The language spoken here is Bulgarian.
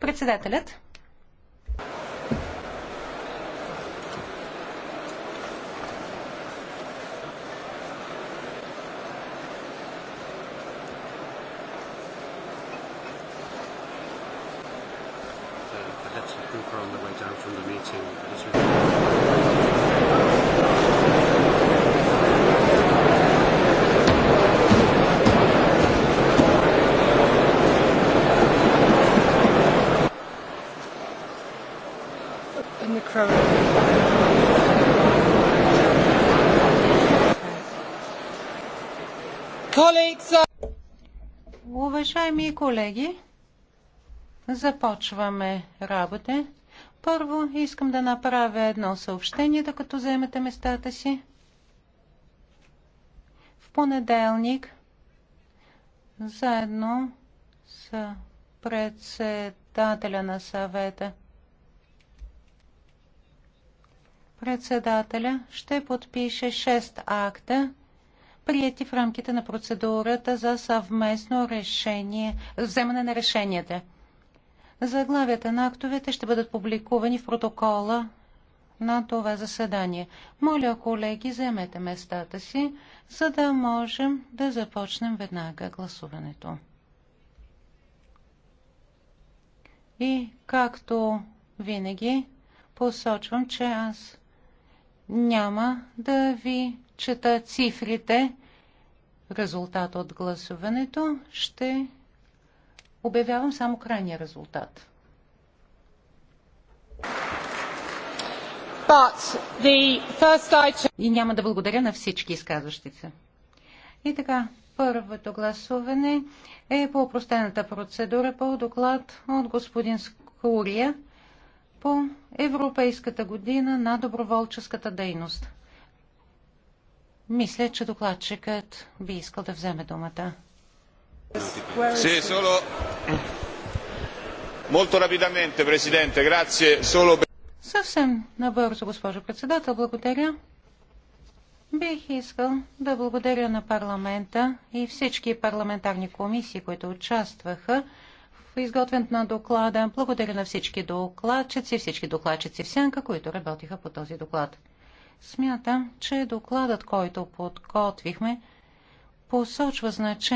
Председателят. Perhaps people on the way down from the meeting. in the crowd. Uh, Уважаеми колеги, започваме работа. Първо искам да направя едно съобщение, докато вземете местата си. В понеделник, заедно с председателя на съвета Председателя ще подпише 6 акта, прияти в рамките на процедурата за съвместно решение, вземане на решенията. Заглавията на актовете ще бъдат публикувани в протокола на това заседание. Моля, колеги, заемете местата си, за да можем да започнем веднага гласуването. И както винаги, посочвам, че аз няма да ви чета цифрите. Резултат от гласуването ще обявявам само крайния резултат. Item... И няма да благодаря на всички изказващи се. И така, първото гласуване е по опростената процедура по доклад от господин Скурия по Европейската година на доброволческата дейност. Мисля, че докладчикът би искал да вземе думата. Sì, solo molto rapidamente, Presidente, grazie. Solo... Съвсем набързо, госпожо председател, благодаря. Бих искал да благодаря на парламента и всички парламентарни комисии, които участваха изготвянето на доклада. Благодаря на всички докладчици, всички докладчици в сянка, които работиха по този доклад. Смятам, че докладът, който подготвихме, посочва значение